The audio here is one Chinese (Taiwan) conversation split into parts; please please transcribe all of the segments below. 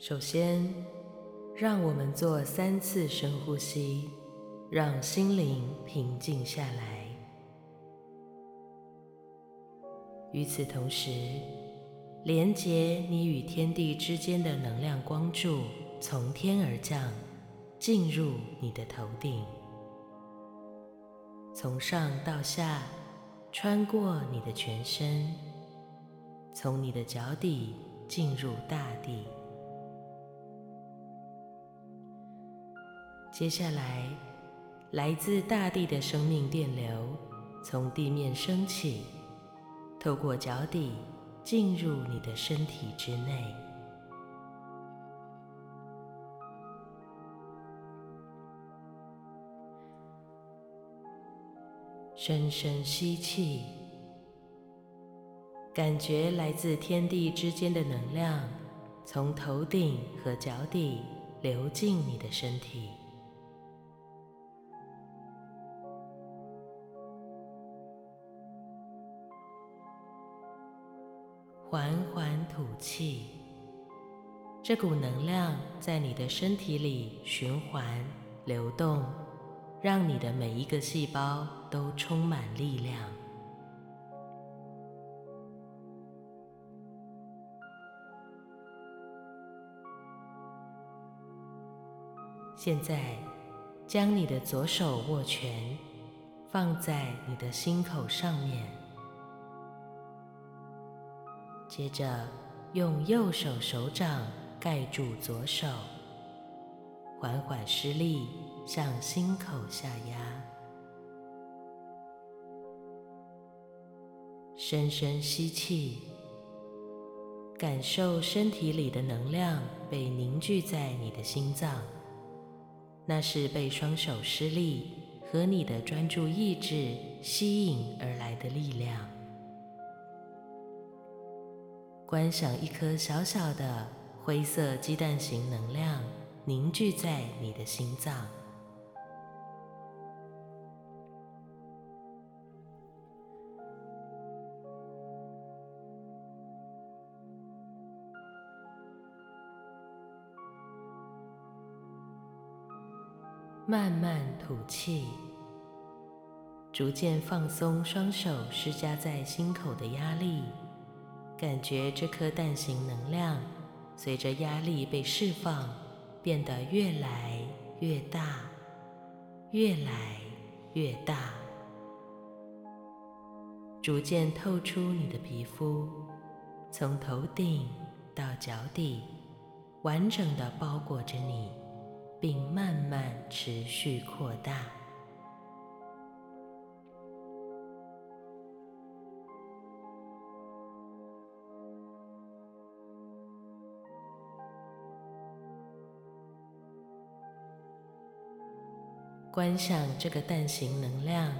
首先，讓我們做三次深呼吸，讓心靈平靜下來。與此同時，連接你與天地之間的能量光柱從天而降，進入你的頭頂。從上到下，穿過你的全身，從你的腳底進入大地。接下來，來自大地的生命電流從地面升起，透過腳底進入你的身體之內。深深吸氣，感覺來自天地之間的能量從頭頂和腳底流進你的身體。緩緩吐氣，這股能量在你的身體裡循環流動，讓你的每一個細胞都充滿力量。現在，將你的左手握拳，放在你的心口上面。接着，用右手手掌蓋住左手，緩緩施力向心口下壓。深深吸氣，感受身體裡的能量被凝聚在你的心臟，那是被雙手施力和你的專注意志吸引而來的力量。觀想一顆小小的灰色雞蛋形能量凝聚在你的心臟，慢慢吐氣，逐漸放鬆雙手施加在心口的壓力。感覺這顆蛋形能量隨着壓力被釋放，變得越來越大，越來越大，逐漸透出你的皮膚，從頭頂到腳底，完整的包裹着你，並慢慢持續擴大。觀想這個蛋形能量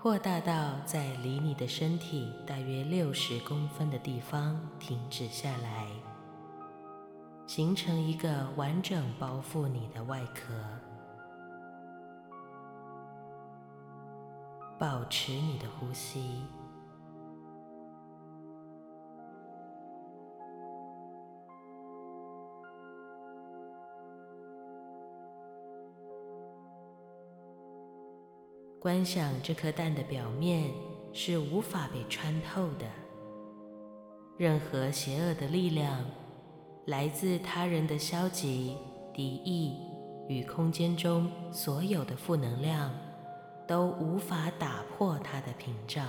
擴大到在離你的身體大約六十公分的地方停止下來，形成一個完整包覆你的外殼。保持你的呼吸。觀想這顆蛋的表面是無法被穿透的，任何邪惡的力量、來自他人的消極敵意與空間中所有的負能量都無法打破它的屏障。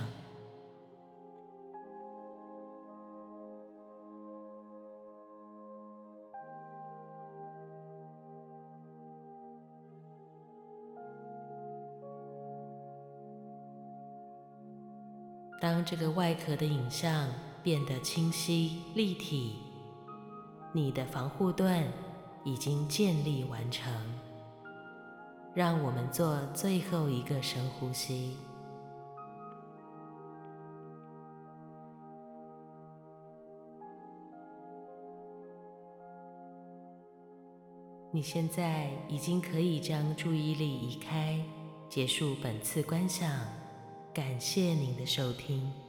當這個外殼的影像變得清晰立體，你的防護盾已經建立完成。讓我們做最後一個深呼吸。你現在已經可以將注意力移開，結束本次觀想。感謝您的收聽。